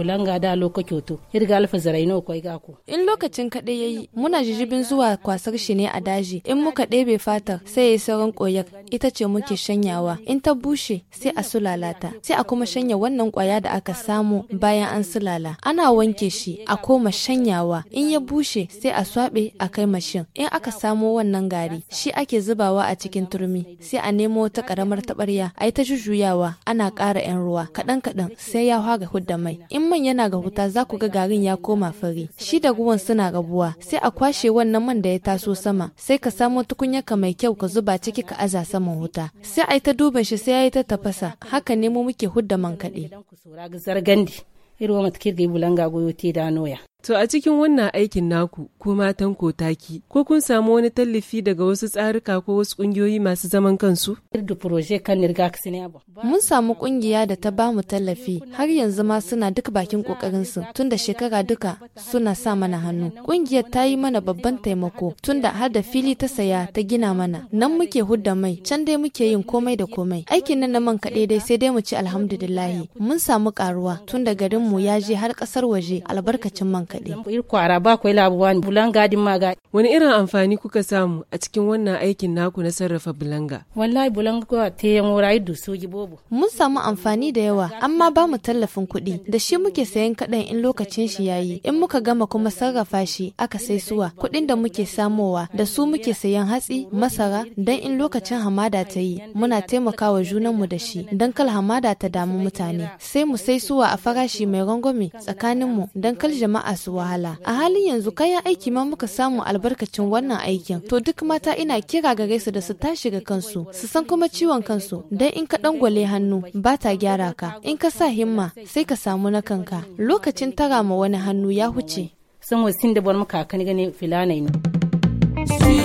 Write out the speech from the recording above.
bulanga da loka kyoto irga alfa zaraino koi ga ku in lokacin kaɗai yayi muna jijibin zuwa kwasar shi ne a daji in muka ɗebe fatar sai ya sauran koyar ita ce muke shanyawa in ta bushe sai a sulalata sai a kuma shanya wannan kwaya da aka samu bayan an sulala ana wanke shi a koma shanyawa in ya bushe sai a swabe a kai mashin in aka samo wannan gari shi ake zubawa a cikin turmi sai a nemo wata karamar taɓarya, a yi ta jujjuyawa ana ƙara 'yan ruwa kaɗan kaɗan sai ya haga hudda mai in man yana ga wuta za ku ga garin ya koma fari. Shi da ruwan suna rabuwa sai a kwashe wannan man da ya taso sama sai ka samo ka mai kyau ka zuba ciki ka aza saman wuta. Sai a yi ta duban shi sai ya yi ta tafasa haka ne mu muke hudda man kaɗe. To a cikin wannan aikin naku ko matan ko kotaki ko kun samu wani tallafi daga wasu tsarika ko wasu kungiyoyi masu zaman kansu? Mun samu kungiya da ta bamu tallafi har yanzu ma suna duk bakin kokarinsu tun da shekara duka suna sa mana hannu. Kungiyar ta yi mana babban taimako tunda har da fili ta saya ta gina mana. Nan muke hudda mai can dai muke yin komai da komai. Aikin nan na man kaɗai dai sai dai mu ci alhamdulillahi. Mun samu karuwa tunda da garinmu ya je har ƙasar waje albarkacin man kaɗai. Ir kwara ba kwai labuwa ma gadi. Wani irin amfani kuka samu a cikin wannan aikin naku na sarrafa bulanga? Wallahi bulanga ta wurayi dusu bobo. Mun samu amfani da yawa amma ba mu tallafin kuɗi da shi muke sayan kaɗan in lokacin shi ya yi, in muka gama kuma sarrafa shi aka sai suwa kuɗin da muke samowa da su muke sayan hatsi masara dan in lokacin hamada ta yi muna taimakawa junan mu da shi don kal hamada ta damu mutane sai mu sai suwa a farashi mai rangwame tsakaninmu don kal jama'a masu wahala. A halin yanzu kayan aiki ma muka samu albarkacin wannan aikin. To duk mata ina kira gare su da su tashi ga kansu, su san kuma ciwon kansu, dan in ka gwale hannu ba ta gyara ka. In ka sa himma sai ka samu na kanka. Lokacin tara ma wani hannu ya huce. San wasin da bar muka gane filanai ne.